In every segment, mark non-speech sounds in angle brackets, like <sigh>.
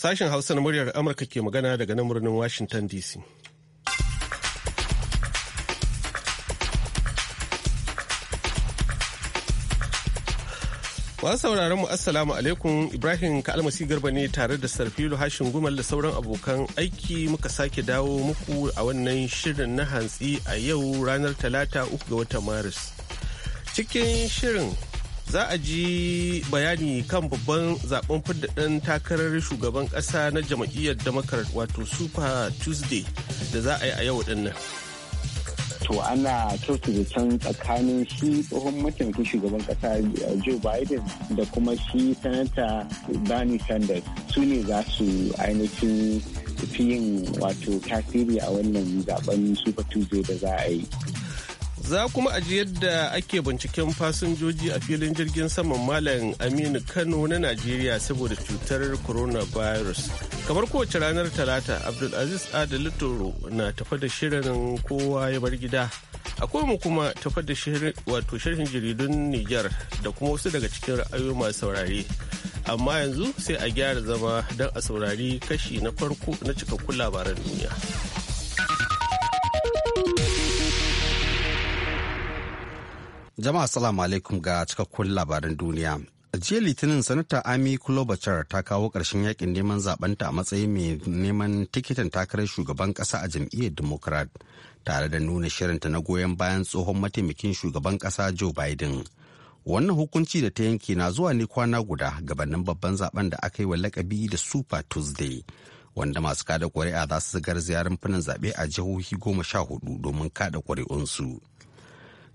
Sashen Hausa na muryar Amurka ke magana daga nan birnin Washington DC. Masu sauraron mu assalamu alaikum Ibrahim Kalmasi Garba ne tare da Sarfilu Hashin Gumal da sauran abokan aiki muka sake dawo muku a wannan shirin na hantsi a yau ranar talata uku ga watan Maris. Cikin shirin za a ji bayani kan babban zaben fiddaɗin takarar shugaban ƙasa na jam'iyyar democrat wato super tuesday da za a yi a yau dinnan. to ana da can tsakanin shi tsohon mataimakin shugaban kasa eh, joe biden da kuma shi sanata bernie sanders su ne za su ainihin fi yin wato tasiri a wannan zaben super tuesday da za a yi za kuma aji yadda ake binciken fasinjoji a filin jirgin saman malam aminu kano na najeriya saboda cutar coronavirus kamar kowace ranar talata abdulaziz adali toro na tafa da shirin kowa ya bar gida akwai mu kuma tafa da wato shirin jaridun niger da kuma wasu daga cikin ra'ayoyi masu saurare amma yanzu sai a gyara zama don a saurari kashi na farko na cikakkun labaran duniya. Jama'a salamu alaikum ga cikakkun labaran duniya. jiya Litinin sanata Ami Klobuchar ta kawo ƙarshen yakin neman zaɓenta a matsayin mai neman tikitin takarar shugaban ƙasa a jam'iyyar Democrat tare da nuna shirinta na goyon bayan tsohon mataimakin shugaban ƙasa Joe Biden. Wannan hukunci da ta yanke na zuwa ne kwana guda gabanin babban zaben da aka yi wa lakabi da Super Tuesday. Wanda masu kada ƙuri'a za su zigar ziyarar finin zaɓe a jihohi goma sha hudu domin kada ƙuri'unsu.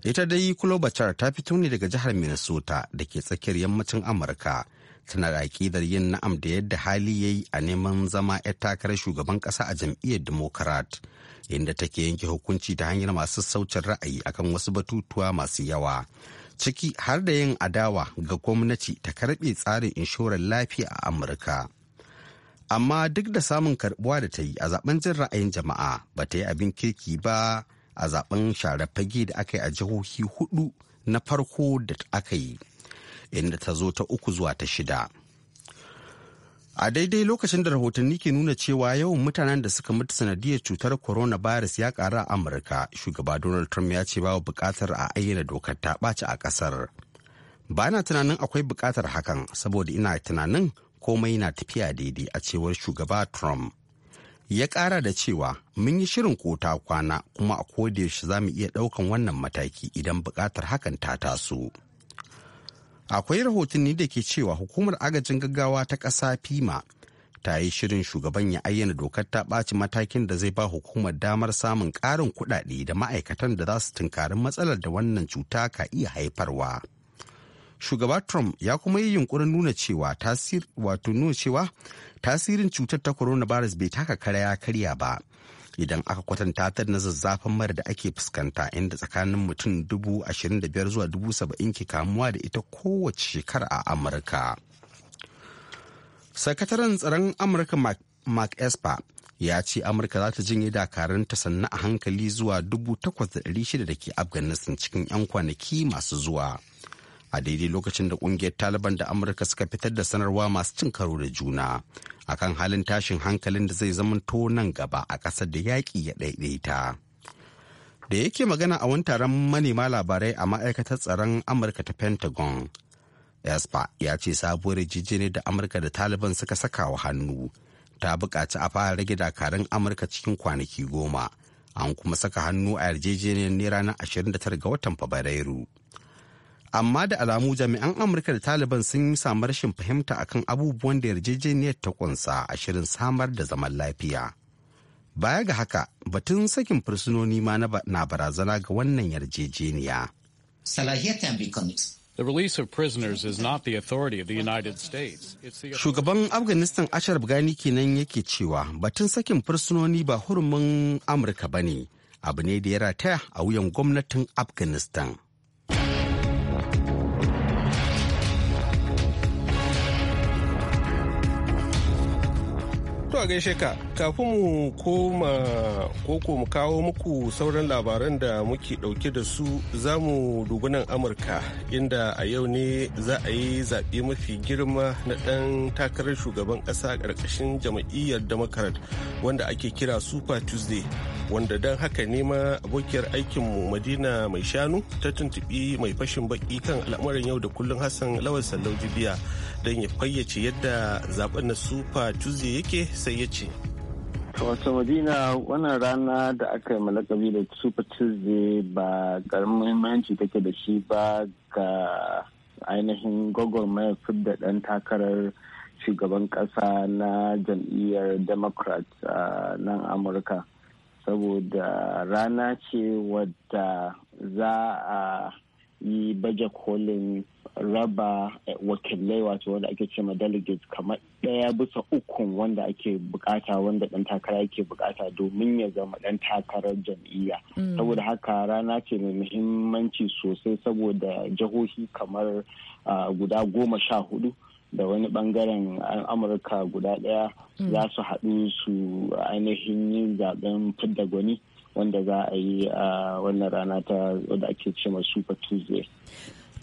ita dai klobuchar ta fito ne daga jihar minnesota da ke tsakiyar yammacin amurka tana da aƙidar yin na'am da yadda hali ya yi a neman zama 'yar takarar shugaban ƙasa a jam'iyyar democrat inda take yanke hukunci ta hanyar masu saucin ra'ayi akan wasu batutuwa masu yawa ciki har da yin adawa ga gwamnati ta karɓe tsarin inshorar lafiya a amurka amma duk da samun karbuwa da ta yi a zaben jin ra'ayin jama'a ba ta yi abin kirki ba a zaben share fage da aka yi a jihohi hudu na farko da aka yi inda ta zo ta uku zuwa ta shida a daidai lokacin da rahotanni ke nuna cewa yawan mutanen da suka mutu sanadiyar cutar coronavirus ya ƙara a amurka shugaba donald trump ya ce bawa buƙatar a ayyana dokar ta ɓaci a ƙasar ba na tunanin akwai buƙatar hakan saboda ina tunanin komai na tafiya daidai a cewar shugaba trump ya ƙara da cewa mun yi shirin kota kwana kuma a kodayaushe za mu iya ɗaukan wannan mataki idan buƙatar hakan ta taso. Akwai rahotanni da ke cewa hukumar agajin gaggawa ta ƙasa FIMA ta yi shirin shugaban ya ayyana dokar ta ɓaci matakin da zai ba hukumar damar samun ƙarin kuɗaɗe da ma'aikatan da za su tunkari matsalar da wannan cuta ka iya haifarwa. shugaba trump ya kuma yi yunkurin nuna cewa wato nuna cewa tasirin cutar ta coronavirus bai taka kara ya karya ba idan aka kwatanta ta na zazzafan mara da ake fuskanta inda tsakanin mutum dubu zuwa dubu ke kamuwa da ita kowace shekara a amurka sakataren tsaron amurka mark esper ya ce amurka za ta jinye ta sannan a hankali zuwa dubu takwas da ke afghanistan cikin 'yan kwanaki masu zuwa. a daidai lokacin da kungiyar taliban da amurka suka fitar da sanarwa masu cin karo da juna akan halin tashin hankalin da zai zamanto nan gaba a ƙasar da yaƙi ya ɗaiɗaita da yake magana a wani taron manema labarai a ma'aikatar tsaron amurka ta pentagon espa ya ce sabuwar jijini da amurka da taliban suka saka wa hannu ta buƙaci a fara rage dakarun amurka cikin kwanaki goma an kuma saka hannu a yarjejeniyar ne ranar 29 ga watan fabrairu amma da alamu jami'an amurka da taliban sun yi samu rashin fahimta akan abubuwan da yarjejeniyar ta kunsa a shirin samar da zaman lafiya baya ga haka batun sakin fursunoni ma na barazana ga wannan yarjejeniya The release of prisoners is not the authority United States. Shugaban Afghanistan Ashraf Ghani kenan yake cewa batun sakin fursunoni ba hurumin Amurka ba ne, abu ne da ya rataya a wuyan gwamnatin Afghanistan. To a gaishe ka kafin mu koma koko mu kawo muku sauran labaran da muke dauke da su za mu dubi nan Amurka inda a yau ne za a yi zaɓe mafi girma na ɗan takarar shugaban ƙasa ƙarƙashin jam'iyyar Democrat wanda ake kira Super Tuesday wanda don haka nema abokiyar aikinmu Madina mai shanu ta tuntuɓi mai fashin baƙi kan al'amuran yau da kullun Hassan Lawal Sallau Jibiya. don ya fayyace yadda zaben na super tuesday yake sai ya ce wasu madina wannan rana da aka yi malakabi da super tuesday ba karamin muhimmanci take da shi ba ga ainihin gwagwarmayar fidda ɗan takarar shugaban ƙasa na jam'iyyar democrat a nan amurka saboda rana ce wadda za a yi baje kolin raba eh, wakilai wato wanda ake cewa delegates kamar ɗaya bisa uku wanda ake bukata wanda ɗan takara yake bukata domin ya zama ɗan takarar jam'iyya mm. saboda haka rana ce mai muhimmanci sosai saboda jihohi kamar ah, guda goma sha hudu da wani bangaren amurka guda ɗaya mm. za su haɗu su ainihin yin zaben fidda gwani wanda za a yi a ah, wannan rana ta da ake cewa super tuesday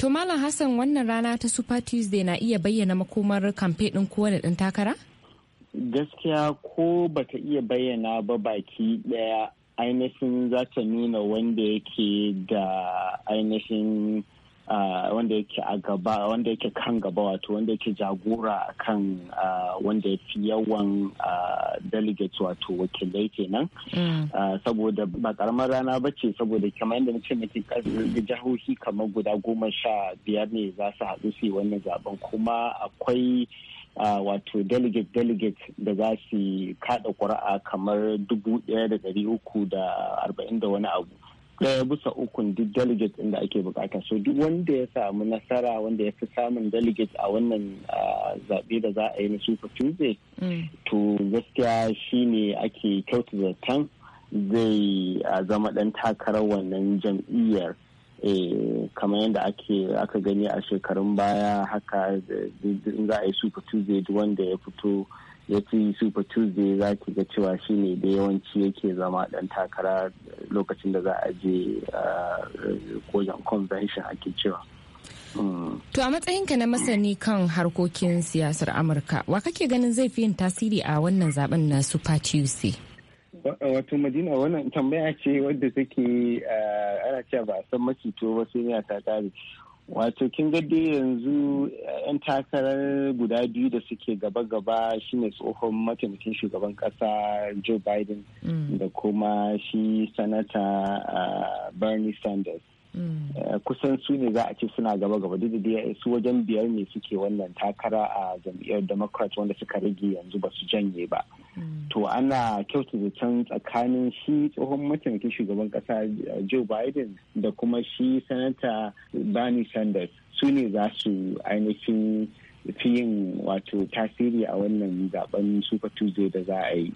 To Malam Hassan wannan rana ta Super Tuesday na iya bayyana makomar kamfe ɗin kowane ɗin takara? Gaskiya ko bata iya bayyana ba baki ɗaya ainihin za ta nuna wanda yake da ainihin wanda yake a gaba wanda yake kan gaba wato wanda yake jagora a kan wanda ya fi yawan delegates wato wakilai kenan mm. saboda ba karamar rana ba ce saboda kamar yadda nace muke jihohi kamar guda goma sha biyar ne za su haɗu su yi wannan zaben kuma akwai wato delegate delegate da za su kaɗa ƙuri'a kamar dubu ɗaya da ɗari uku da arba'in da wani abu ɗaya bisa ukun duk delegates ɗin ake bukata so duk wanda ya samu nasara wanda ya fi samun delegates a wannan zaɓe da za a yi na super tuesday mm. to gaskiya shine ake kyautu zaton zai zama ɗan takarar wannan jam'iyyar eh, kamar yadda ake aka gani a shekarun baya haka in za a yi super tuesday duk wanda ya fito ya ce super tuesday za ki ga cewa shi ne da yawanci yake zama dan takara lokacin da za a je uh, kojan convention ake cewa hmm. to a matsayinka na masani kan harkokin siyasar amurka wa kake ganin zai fi yin tasiri a wannan zaben na super tuesday wato madina wannan tambaya ce wadda take uh, ana cewa ba a san to ba sai ya ta kare wato kin dai yanzu eh, 'yan takarar guda biyu da suke gaba-gaba shine tsohon mataimakin shugaban kasa joe biden mm. da kuma shi sanata ah, bernie sanders Eh, kusan su ne za a ce suna gaba gaba duk da eh, su wajen biyar ne suke wannan takara a jam'iyyar democrat wanda suka rage yanzu ba su janye ba to ana da can tsakanin shi tsohon mataimakin shugaban kasa eh, joe biden da kuma shi sanata bernie sanders su ne za su ainihin fi yin wato tasiri a wannan zaben super tuesday da za a yi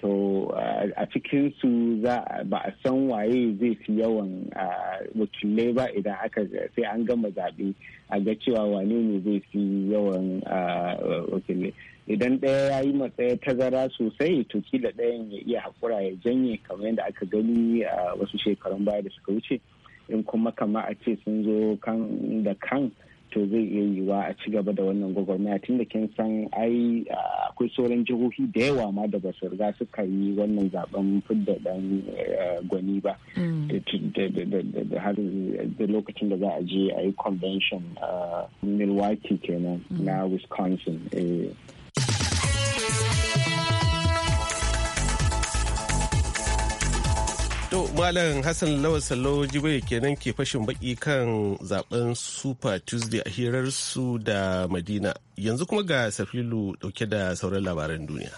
to eh, a cikinsu ba a san waye zai fi yawan eh, wakilai ba idan aka sai an gama zaɓe a ga cewa wane ne zai fi yawan eh, wakilai idan ɗaya ya yi matsaya tazara sosai to kila ɗayan ya iya haƙura ya janye kamar yadda aka gani a wasu shekarun baya da suka wuce in kuma kama a ce sun zo kan da kan to zai iya yiwa a ci gaba da wannan gwagwarmaya tun da kin san ai akwai sauran jihohi da yawa ma da ba su riga suka yi wannan zaben fidda dan eh, gwani ba mm. har eh, da lokacin da za a je a yi convention uh, milwaukee kenan mm. na wisconsin eh. To Malam Hassan Lawal Sallo Jibai kenan ke fashin baki kan zaben Super Tuesday a hirarsu da Madina. Yanzu kuma ga Safilu dauke da sauran labaran duniya.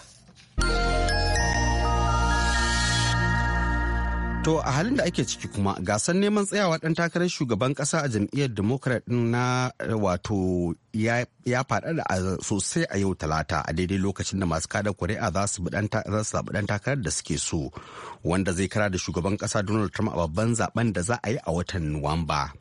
To a halin da ake ciki kuma gasar neman tsayawa ɗan takarar shugaban ƙasa a jam'iyyar Democrat na wato ya faɗa da sosai a yau talata a daidai lokacin da masu kada kuri'a za su zaɓi ɗan takarar da suke so wanda zai kara da shugaban ƙasa Donald Trump a babban zaben da za a yi a watan Nuwamba.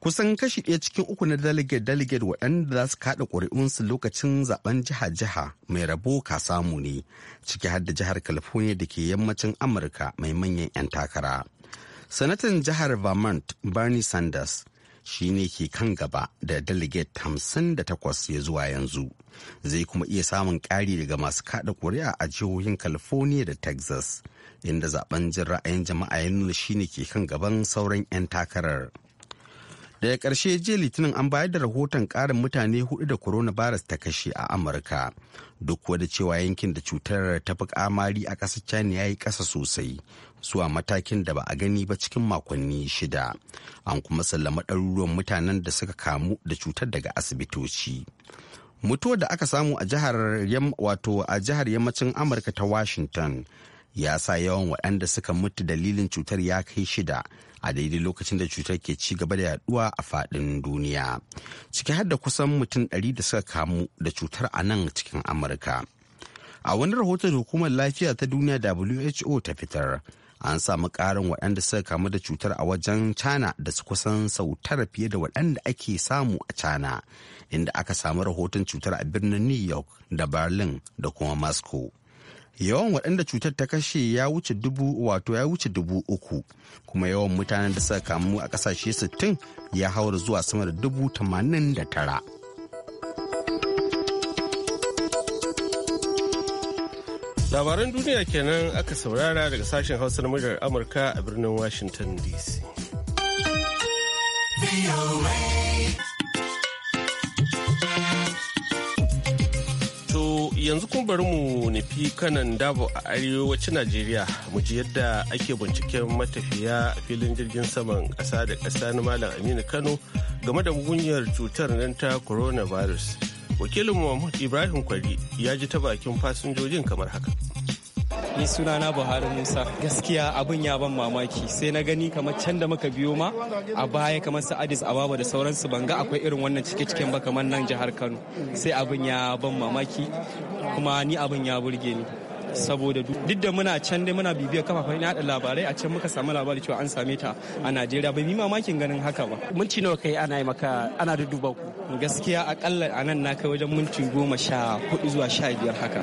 kusan kashi ɗaya cikin uku na delegate delegate waɗanda za su kaɗa ƙuri'unsu lokacin zaben jiha-jiha mai rabo ka samu ne ciki har da jihar california da ke yammacin amurka mai manyan 'yan takara sanatan jihar vermont bernie sanders shi ne ke kan gaba da delegate takwas ya zuwa yanzu zai kuma iya samun ƙari daga masu kaɗa ƙuri'a a jihohin california da texas inda zaben jin ra'ayin jama'a ya nuna ne ke kan gaban sauran 'yan takarar daga ƙarshe jiya litinin an bayar da rahoton ƙarin mutane hudu da coronavirus ta kashe a amurka duk da cewa yankin da cutar ta fi kamari a ƙasar china ya yi ƙasa sosai zuwa matakin da ba a gani ba cikin makonni shida an kuma sallama ɗaruruwan mutanen da suka kamu da cutar daga asibitoci mutuwar da aka samu a a jihar yammacin amurka ta washington ya sa yawan waɗanda suka mutu dalilin cutar ya kai shida a daidai lokacin da cutar ke ci gaba da yaduwa a faɗin duniya ciki har da kusan mutum ɗari da suka kamu da cutar a nan cikin amurka a wani rahoton hukumar lafiya ta duniya who ta fitar an samu ƙarin waɗanda suka kamu da cutar a wajen china da su kusan sau tara fiye da waɗanda ake samu a china inda aka samu rahoton cutar a birnin new york da berlin da kuma moscow yawan waɗanda cutar ta kashe ya wuce dubu wato ya wuce dubu uku kuma yawan mutanen da suka kamu a ƙasashe 60 ya haura zuwa sama da dubu tamanin da tara. labaran duniya kenan aka saurara daga sashen hausar muryar amurka a birnin washington dc yanzu kuma bari mu nufi kanan dabo a arewacin najeriya mu ji yadda ake binciken matafiya a filin jirgin saman ƙasa da ƙasa na malam aminu kano game da mugunyar cutar nan ta coronavirus wakilin muhammad ibrahim kwari ya ji ta bakin fasinjojin kamar haka ni sunana buhari musa gaskiya abin ya ban mamaki sai na gani kamar can da muka biyo ma a baya kamar su addis ababa da sauransu ban ga akwai irin wannan cike ciken ba kamar nan jihar kano sai abin ya ban mamaki kuma ni abin ya burge ni saboda duk da muna can dai muna bibiyar kafafen hada labarai a can muka samu labari cewa an same ta a Najeriya bai yi mamakin ganin haka ba. Minti nawa kai ana yi maka ana dudduba ku. Gaskiya akalla a nan na kai wajen minti goma sha hudu zuwa sha biyar haka.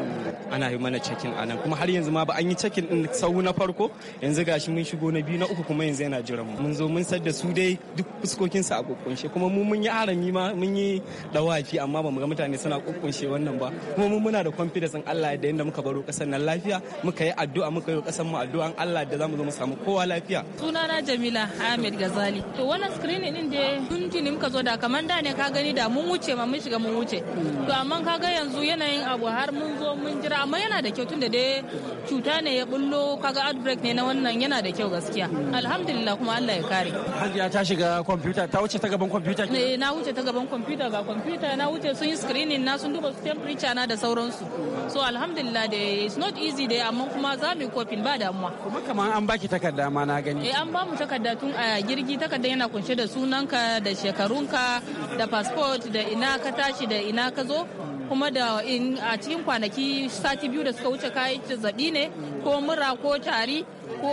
Ana yi mana cekin a nan kuma har yanzu ma ba an yi cekin din sau na farko yanzu gashi mun shigo na biyu na uku kuma yanzu yana jiran mu. Mun zo mun sadda su dai duk fuskokinsa a kokunshe kuma mu mun yi arami ma mun yi dawaki amma ba mu ga mutane suna kokunshe wannan ba kuma mun muna da confidence Allah yadda inda muka baro kasar nan lafiya muka yi addu'a muka yi kasan mu addu'an Allah da zamu zo mu samu kowa lafiya sunana Jamila Ahmed Gazali to wannan screening din da tun tuni muka zo da kaman da ne ka gani da mun wuce ma mun shiga mun wuce to amma ka ga yanzu yanayin abu har mun zo mun jira amma yana da kyau tun da dai cuta ne ya bullo kaga outbreak ne na wannan yana da kyau gaskiya alhamdulillah kuma Allah ya kare hajiya ta shiga computer ta wuce ta gaban computer ne eh, na wuce ta gaban computer ga computer na wuce sun yi screening na sun duba temperature na da sauransu so alhamdulillah da it's not easy dai amma kuma za mu yi kofin ba damuwa kuma kamar an baki takarda ma na gani eh an ba mu takarda tun a jirgi takarda yana kunshe da sunanka da shekarunka da passport da ina ka tashi da ina ka zo kuma da in a cikin kwanaki sati biyu da suka wuce kayi zabi ne ko mura ko tari ko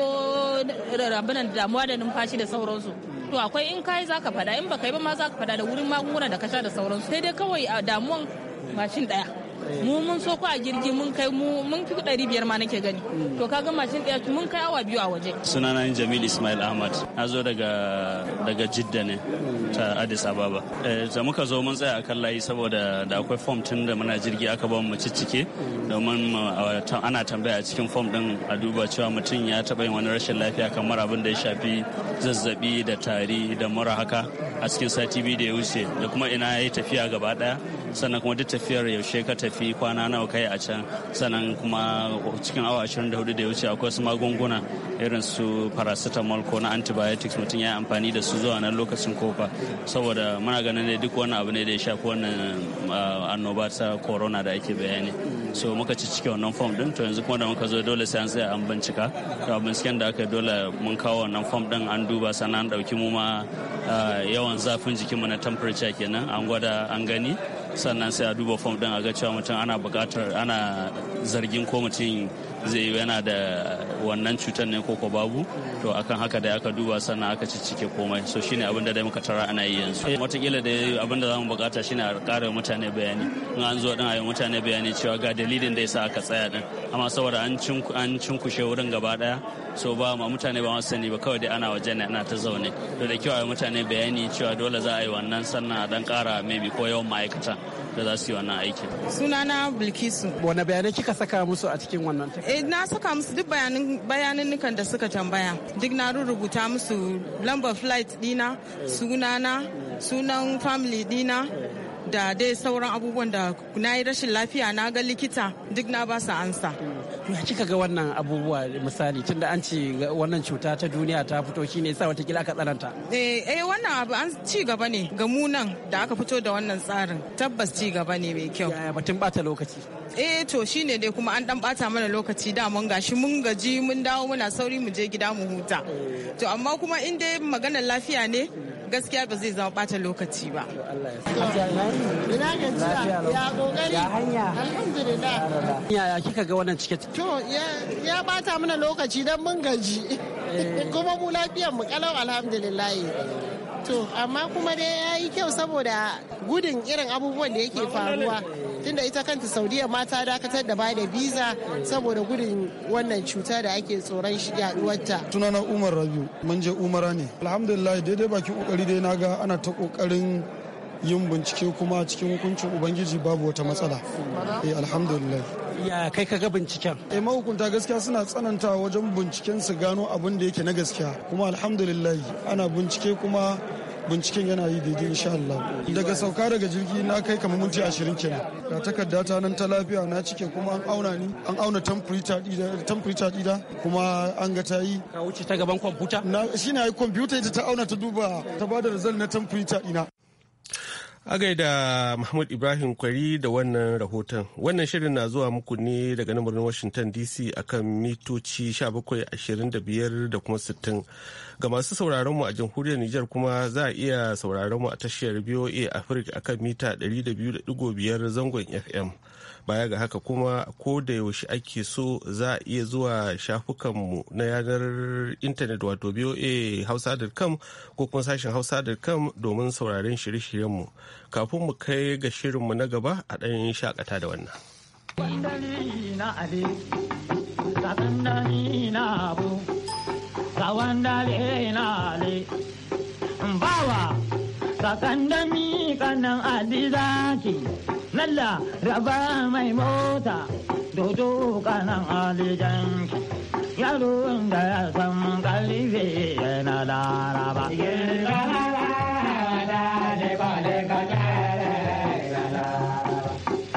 rabinan damuwa da numfashi da sauransu to akwai in kayi zaka fada in baka yi ba ma zaka fada da wurin magunguna da ka sha da sauransu sai dai kawai a damuwan mashin daya mu mun so ku a jirgi mun kai mu mun fi ɗari biyar ma nake gani hmm. to kaga mashin ɗaya mun kai awa biyu a waje sunana jamil ismail ahmad na zo daga daga jidda ne ta addis ababa eh, da muka zo mun tsaya akan layi saboda da akwai fom tun da muna jirgi aka ba mu ciccike hmm. domin uh, ana tambaya a cikin fom din a duba cewa mutum ya taɓa yin wani rashin lafiya kamar abin da ya shafi zazzabi da tari da mura haka a cikin sati biyu da ya wuce da kuma ina ya yi tafiya gaba ɗaya sannan kuma duk tafiyar yaushe ka tafi tafi kwana nawa kai a can sannan kuma cikin awa 24 da ya wuce akwai su magunguna irin su paracetamol ko na antibiotics mutum ya amfani da su zuwa nan lokacin kofa saboda muna ganin da duk wani abu ne da ya shafi wannan ah, annoba ta corona da ake bayani so muka ci cike wannan fom din to yanzu kuma da muka zo dole sai an tsaya an bincika to binciken da aka dole mun kawo wannan fom din an duba sannan an dauki mu ma ah, yawan zafin jikinmu na temperature kenan an gwada an gani sannan sai a duba fom din a ga cewa mutum ana buƙatar ana zargin ko mutum zai yana da wannan cutar ne koko babu to akan haka da aka duba sannan aka ciccike komai so shine abin da dai muka tara ana yi yanzu eh, watakila da abin da zamu bukata shine a ƙara mutane bayani in an zo din a yi mutane bayani cewa ga dalilin da yasa aka tsaya din amma saboda an cinkushe wurin gaba daya so ba ma mutane ba masu sani ba kawai dai ana waje ne ana ta zaune to da kyau mutane bayani cewa dole za a yi wannan sannan a dan kara maybe ko yawan ma'aikata da za su yi wannan aikin sunana bilkisu wani bayanai kika saka musu a cikin wannan eh na saka musu duk bayanin nukan da suka tambaya duk na rubuta musu lambar flight dina sunana sunan family dina da dai sauran abubuwan da na yi rashin lafiya na ga likita duk na ba su ansa. Ya kika ga wannan abubuwa misali tunda an ce wannan cuta ta duniya ta fito shi ne sa watakila aka tsananta. Eh, eh wannan abu an ci gaba ne ga mu nan da aka fito da wannan tsarin tabbas ci gaba ne mai kyau. Yaya batun bata lokaci. Eh to ne dai kuma an dan bata mana lokaci da mun gashi mun gaji mun dawo muna sauri mu je gida mu huta. Eh. To amma kuma in dai maganar lafiya ne gaskiya ba zai zama bata lokaci ba. Ina ya kokari. kika ga wannan ciket? To ya bata mana lokaci don mun gaji. Eh. <laughs> Kuma mu lafiyar mu kalau alhamdulillah. To amma kuma dai ya yi kyau saboda gudun irin abubuwan da yake faruwa. Eh. tunda ita kanta saudiya ma ta dakatar da bada biza saboda gudun wannan cuta da ake tsoron yaduwarta tunana umar rabiu mun je umara ne alhamdulillah daidai bakin kokari dai naga ana ta kokarin yin bincike kuma cikin hukuncin ubangiji babu wata matsala eh alhamdulillah ya kai kaga binciken eh mahukunta gaskiya suna tsananta wajen binciken su gano abin da yake na gaskiya kuma alhamdulillah ana bincike kuma binciken yana yi daidai insha Allah daga sauka daga jirgi na kai kamar minti ashirin kenan ga takarda ta nan ta lafiya na cike kuma an auna ni an auna temperature dida kuma an ga ta yi ka wuce ta gaban kwamfuta na shine ai kwamfuta ita ta auna ta duba ta bada result na temperature dina A gaida Mahmud Ibrahim Kwari da wannan rahoton. Wannan shirin na zuwa muku ne daga namurin Washington DC akan mitoci 1725 da kuma 60. Ga masu sauraron mu a jamhuriyar Nijar kuma za a iya sauraron mu a tashiyar BOA Africa akan mita 200.5 zangon FM. Baya ga haka kuma ko da yaushe ake so za a iya zuwa shafukanmu na yanar intanet wato boa hausa.com ko kuma sashen hausa.com domin sauraron shirye-shiryenmu. mu. kafin mu kai ga shirinmu na gaba a ɗan shakata da wannan. Bawa sakandami kanan alizaki lalla raba mai mota dodo kanan alijanki yaron da ya san kalife yana laraba.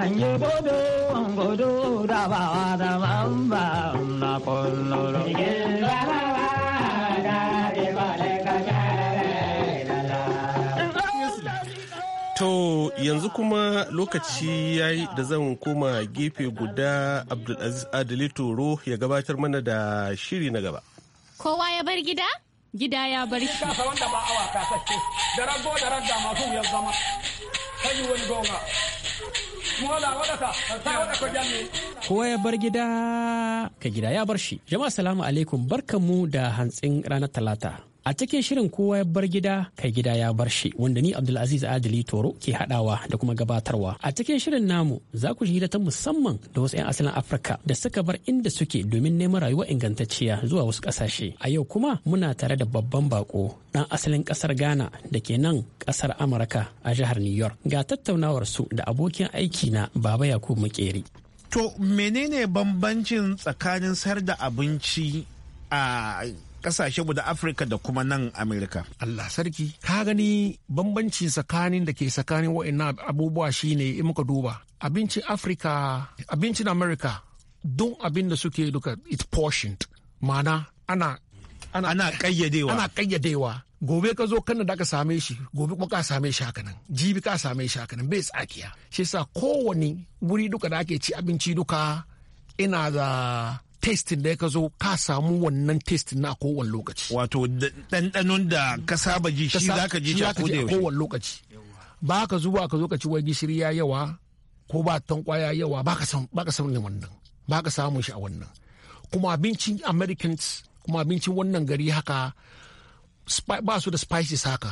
Anye bodo angodo da ba da na pololo. To yanzu kuma lokaci ya yi da zan koma gefe guda Abdulaziz Adili Toro ya gabatar mana da shiri na gaba. Kowa ya bar gida? Gida ya bar shi. wanda ba awa kasashe, da rago da rago masu wuyar zama, kaji wani gonga. Kowa ya bar gida ka gida ya bar shi. Jama'a salamu alaikum barkanmu da hantsin ranar talata. A cikin shirin kowa ya bar gida kai gida ya bar shi wanda ni Abdulaziz Adili Toro ke hadawa da kuma gabatarwa. A cikin shirin namu za ku ji ta musamman da wasu 'yan asalin Afirka da suka bar inda suke domin neman rayuwa ingantacciya zuwa wasu kasashe. A yau kuma muna tare da babban bako dan asalin kasar Ghana da ke nan kasar Amurka a jihar New York. Ga tattaunawar su da abokin aiki na Baba Yakubu Makeri. To menene bambancin tsakanin sayar da abinci a kasashe da afirka da kuma nan amerika allah sarki ka gani bambanci tsakanin da ke tsakanin wa'annan abubuwa shine in muka duba abincin afirka abincin amerika don abin da suke duka it portioned mana ana ana kayyadewa ana kayyadewa gobe ka zo kan da ka same shi gobe kuma ka same shi haka nan jibi ka same shi haka nan bai tsakiya shi yasa kowane wuri duka da ake ci abinci duka ina da testin da ka zo ka samu wannan testin na kowane lokaci wato ɗanɗanon da ka saba ji shi za ka ji a kowane lokaci ba ka zuwa ka zo ka ci wai gishiri ya yawa ko ba ya yawa ba ka san wannan ba ka samun shi a wannan kuma abincin americans kuma abincin wannan gari haka ba su da spices haka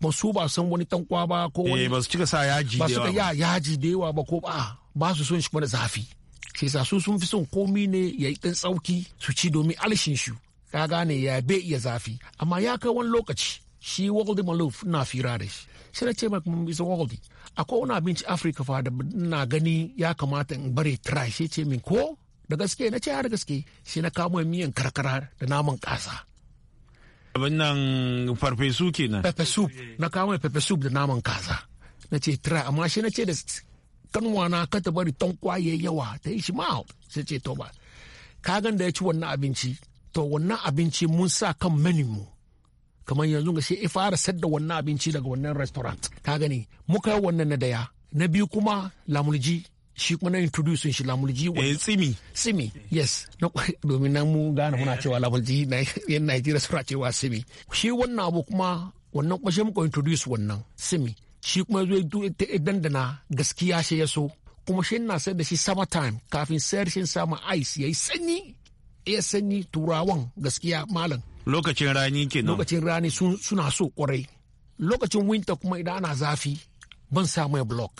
ba su ba san wani tankwa ba ko eh, wani ba su cika sa yaji da yawa ba su ka yaji da yawa ba ko ba ba su son shi kuma da zafi sai sa su sun fi son komi ne ya yi ɗan tsauki su ci domin alshin shu ka gane ya bai iya zafi amma ya kai wani lokaci shi Waldi Maluf na fira da shi. shi na ce maka mun bisa Waldi. Akwai wani abinci Afirka fa da na gani ya kamata in bare try shi ce min ko da gaske na ce har gaske shi na kamo miyan karkara da naman kasa. nan farfesu kenan. Pepe soup na kamo pepe soup da naman kaza. Na ce try amma shi na ce da kanwana ka ta bari tankwa kwaye yawa ta yi shi mouth sai ce to ba gan da ya ci wannan abinci to wannan abinci mun sa kan menu mu kamar yanzu ga sai fara sadda wannan abinci daga wannan restaurant ka gani muka yi wannan na daya na biyu kuma lamulji shi kuma na introduce shi lamulji eh tsimi tsimi yes domin nan mu gane muna cewa lamulji na yan Najeriya suna cewa tsimi shi wannan abu kuma wannan kuma shi muka introduce wannan simi. shi kuma zo dandana gaskiya shi ya so kuma shi na sayar da shi summer time kafin sayar shi samun ice ya yi sanyi ya sanyi turawan gaskiya malam lokacin rani kenan lokacin rani suna so kwarai lokacin winter kuma idan ana zafi ban sa mai block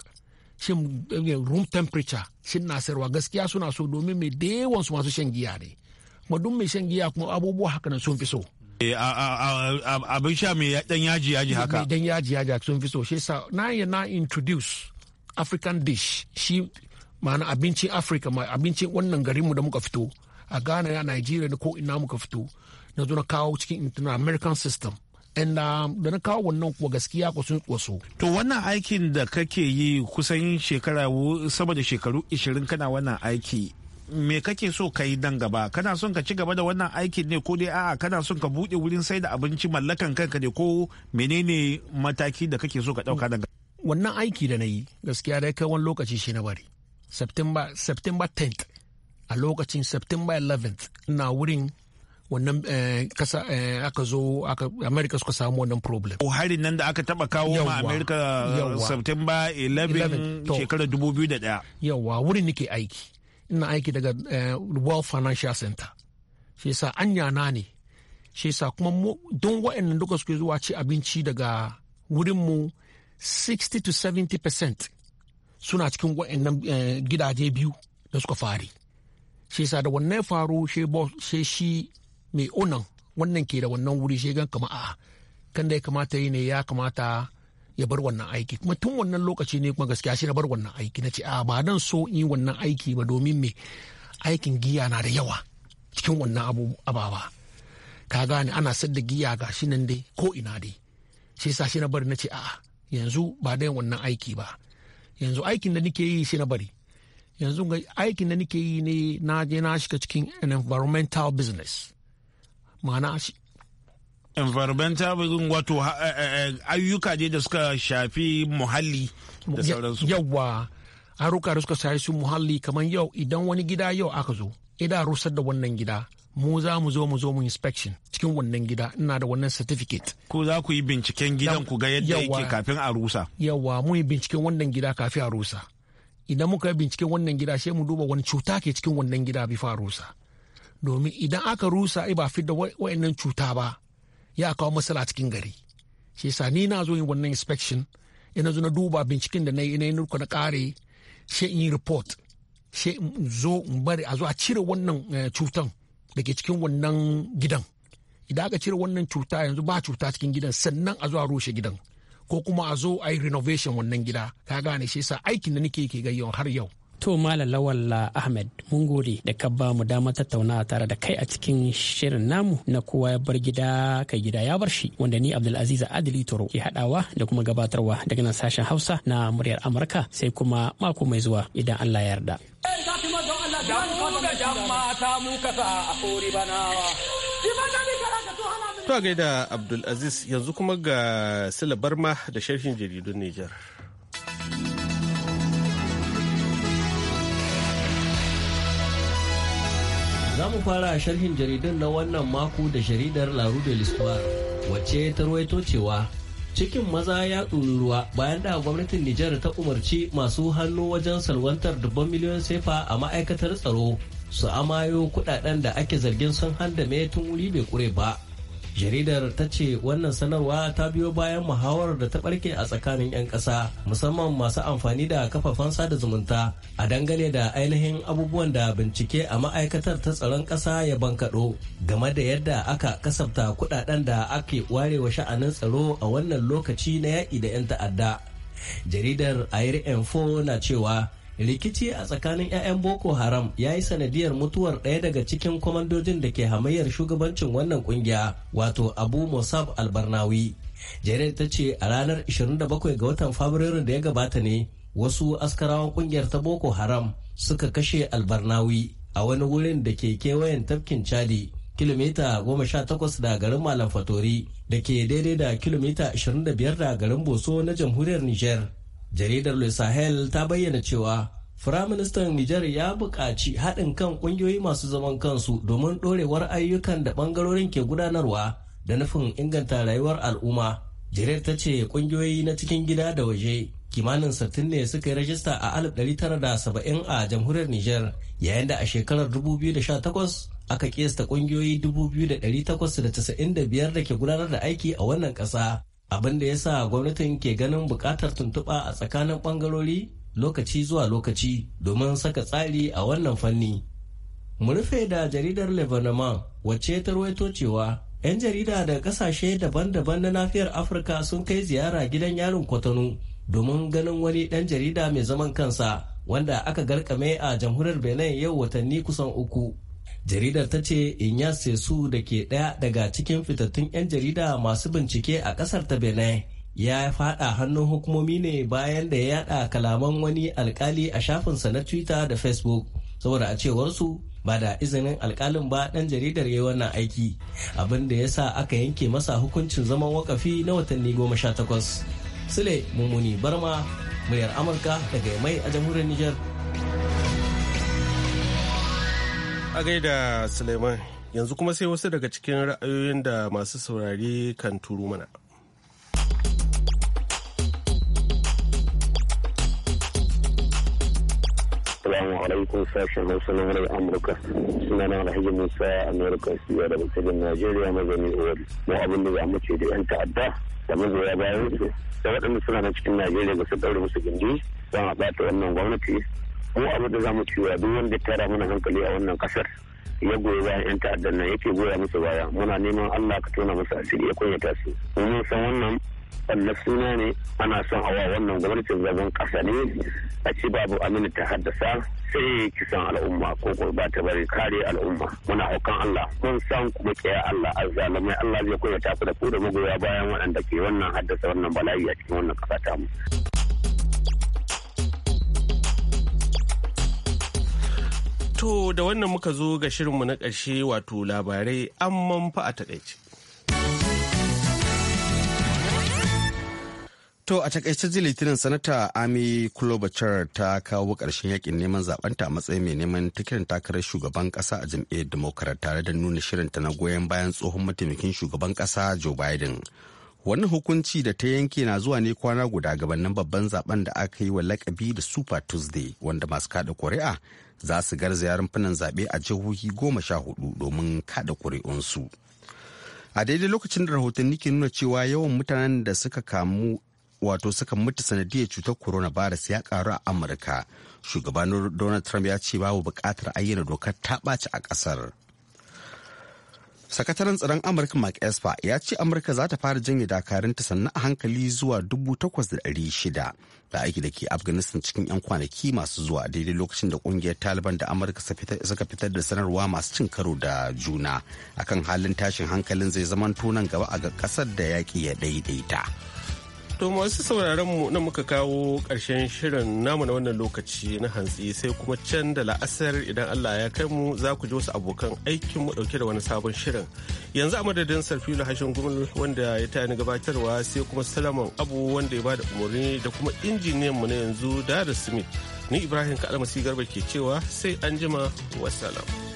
shin eh, room temperature shin na sayarwa gaskiya suna so domin mai da yawan su masu shan giya ne kuma duk mai shan giya kuma abubuwa haka nan sun fi so Eh, abin sha mai dan yaji yaji haka mai dan yaji yaji sun fi so shi sa na yi na introduce african dish shi ma'ana abincin africa ma abincin wannan garinmu da muka fito a ghana ya nigeria da ko ina muka fito na zo na kawo cikin american system and um, da na kawo wannan kuwa gaskiya ku sun kwaso. To wannan aikin da kake yi kusan shekara sama da shekaru 20 kana wannan aiki me kake so ka yi nan gaba kana son ka ci gaba da wannan aikin ne ko dai a'a kana son ka bude wurin sai da abinci mallakan kanka ne ko menene mataki da kake so ka dauka nan wannan aiki da na yi gaskiya dai kai wani lokaci shi na bari september september 10th a lokacin september 11th na wurin wannan eh, kasa eh, aka zo america suka samu wannan problem o harin nan da aka taba kawo ma america september 11 shekarar 2001 yawa wurin nake aiki ina aiki daga eh, World Financial Center shi yasa anya na ne shi sa kuma don waɗannan duka suke zuwa ci abinci daga wurinmu 60 to 70 percent suna cikin waɗannan eh, gidaje biyu da suka fari shi sa da wannan faru shi shi mai onan wannan ke da wannan wuri shi gan kama a kan da ya kamata yi ne ya kamata ya bar wannan aiki kuma tun wannan lokaci ne kuma gaskiya shi na bar wannan aiki na ce a ah, ba dan so in yi wannan aiki ba domin me aikin giya na da yawa cikin wannan ababa ka gane ana da giya ga shi nan dai ko ina dai shi sa shi na bari na ce a'a yanzu ba dan wannan aiki ba yanzu aikin da nake yi shi na bari yanzu aikin da nake yi ne na je na shiga cikin environmental business ma'ana environmental wato eh, eh, eh, ayyuka ne da suka shafi muhalli da sauransu yawa haruka da suka shafi su muhalli kamar yau idan wani gida yau aka zo idan rusar da wannan gida mu za mu zo mu zo mu inspection cikin wannan gida ina da wannan certificate ko za ku yi binciken gidan ku ga yadda yake kafin a rusa Yawwa mu yi binciken wannan gida kafin a rusa idan muka yi binciken wannan gida sai mu duba wani cuta ke cikin wannan gida bi fa rusa domin idan aka rusa ba ba da wa'annan cuta ba ya kawo matsala a cikin gari shi yasa ni na zo yin wannan inspection ina zo na duba binciken da na yi ina yin na kare shi in yi report shi in zo in bari a zo a cire wannan eh, cutan da ke cikin wannan gidan idan aka cire wannan cuta yanzu ba cuta cikin gidan sannan a zo a rushe gidan ko kuma a zo a yi renovation wannan gida ka gane shi yasa aikin da nake ke gayyawa har yau To Malam Lawalla Ahmed mun gode da ka ba mu dama tattauna tare da kai a cikin shirin namu na kowa ya bar gida kai gida ya bar shi wanda ni Abdulaziz Adili Toro ke hadawa da kuma gabatarwa daga nan sashen Hausa na muryar Amurka sai kuma mako mai zuwa idan Allah ya yarda. Eh, to gaida Abdulaziz yanzu kuma ga Sila Barma da sharhin jaridun Nijar. Za mu fara sharhin jaridun na wannan mako da jaridar laru de Lissuwa wacce ta ruwaito cewa cikin maza ya ruwa bayan da gwamnatin Nijar ta umarci masu hannu wajen salwantar dubban miliyon sefa a ma'aikatar tsaro su amayo kudaden da ake zargin sun handame tun wuri bai kure ba. jaridar ta ce wannan sanarwa ta biyo bayan muhawarar da ta barke a tsakanin 'yan ƙasa musamman masu amfani da kafafen sada zumunta a dangane da ainihin abubuwan da bincike a ma'aikatar ta tsaron ƙasa ya bankaɗo game da yadda aka kasafta kuɗaɗen da ake ware wa sha'anin tsaro a wannan lokaci na yaƙi da 'yan ta'adda jaridar air info na cewa rikici a tsakanin 'ya'yan boko haram ya yi sanadiyar mutuwar ɗaya daga cikin kwamandojin da ke hamayyar shugabancin wannan kungiya wato abu musab albarnawi jaridar ta ce a ranar 27 ga watan fabrairu da ya gabata ne wasu askarawan kungiyar ta boko haram suka kashe albarnawi a wani wurin da ke kewayen tafkin chadi kilomita 18 da garin malam fatori da ke daidai da kilomita 25 da garin boso na jamhuriyar niger jaridar le sahel ta bayyana cewa firaministan nijar ya buƙaci haɗin kan ƙungiyoyi masu zaman kansu domin ɗorewar ayyukan da ɓangarorin ke gudanarwa da nufin inganta rayuwar al'umma jirar ta ce ƙungiyoyi na cikin gida da waje kimanin sattin ne suka yi rajista a 1970 a jamhuriyar nijar yayin da a shekarar 2018 aka kesta ƙungiyoyi 2895 da ke gudanar da aiki a wannan ƙasa abin da ya sa gwamnatin ke ganin buƙatar tuntuɓa a tsakanin ɓangarori lokaci zuwa lokaci domin saka tsari a wannan fanni. Mu rufe da jaridar Lebanon wacce ta ruwaito cewa 'yan jarida daga ƙasashe daban-daban na nafiyar Afirka sun kai ziyara gidan yarin Kwatano domin ganin wani ɗan jarida mai zaman kansa wanda aka garkame a jamhuriyar Benin yau watanni kusan uku. jaridar ta ce inyase su da ke ɗaya daga cikin fitattun 'yan jarida masu bincike a ƙasar ta benin ya faɗa hannun hukumomi ne bayan da ya yada kalaman wani alkali a shafinsa na twitter da facebook saboda a cewarsu ba da izinin alkalin ba ɗan jaridar ya yi wannan aiki abin da ya sa aka yanke masa hukuncin zaman wakafi na watanni goma sha takwas sule mummuni barma muryar amurka daga mai a jamhuriyar niger a gaida suleiman yanzu kuma sai wasu daga cikin ra'ayoyin da masu saurari kan turu mana Assalamu alaikum sashen Hausa na murar Amurka. Suna na Alhaji Musa Amurka siya da cikin Najeriya mazani Owari. Mu abin da za mu ce da 'yan ta'adda da mazoya bayan su da waɗanda suna na cikin Najeriya ba su ɗaure musu gindi don a ɓata wannan gwamnati ko abin da za mu cewa duk wanda tara mana hankali a wannan kasar ya goyi bayan yan ta'addan nan yake goya musu baya muna neman Allah ka tona musu asiri ya kunyata su mun san wannan Allah suna ne ana son hawa wannan gwamnatin zagon kasa ne a ci babu amina ta haddasa sai kisan al'umma ko ba ta bari kare al'umma muna haukan Allah mun san kuma kiya Allah azzalumai Allah zai koya ta ku da ku da magoya bayan waɗanda ke wannan haddasa wannan bala'i a cikin wannan kasa ta mu To da wannan muka zo ga shirinmu na ƙarshe wato labarai an manfa a takaice. To a takaice ji litinin sanata Ami Kulobachar ta kawo ƙarshen yakin neman zaɓenta a matsayin mai neman tikirin takarar shugaban ƙasa a jam'iyyar Democrat tare da nuna shirinta na goyon bayan tsohon mataimakin shugaban ƙasa Joe Biden. Wani hukunci da ta yanke na zuwa ne kwana guda gabanin babban zaben da aka yi wa lakabi da Super Tuesday wanda masu kada kuri'a za su garzaya rumfunan zaɓe a jihohi goma sha hudu domin kada ƙuri'unsu. A daidai lokacin da rahoton ke nuna cewa yawan mutanen da suka kamu wato suka mutu sanadiyar cutar coronavirus ya karu a amurka shugaban donald trump ya ce babu bukatar ayyana dokar ta ɓaci a ƙasar sakataren tsaron amurka mark esper ya ce amurka za ta fara janye dakarunta sannan a hankali zuwa dubu takwas da shida aiki da ke afghanistan cikin 'yan kwanaki masu zuwa daidai lokacin da kungiyar taliban da amurka suka fitar da sanarwa masu cin karo da juna akan halin tashin hankalin zai zama nan gaba a ga kasar da yaƙi ya daidaita To masu sauraron mu na muka kawo ƙarshen shirin namu na wannan lokaci na hantsi sai kuma can da la'asar idan Allah ya kai mu za ku ji wasu abokan aikin mu dauke da wani sabon shirin. Yanzu a madadin Sarfilu Hashin Gumul wanda ya ni gabatarwa sai kuma Salaman Abu wanda ya ba da umarni da kuma injiniyan mu na yanzu Dada Smith. Ni Ibrahim Kalmasi Garba ke cewa sai an jima wasalam.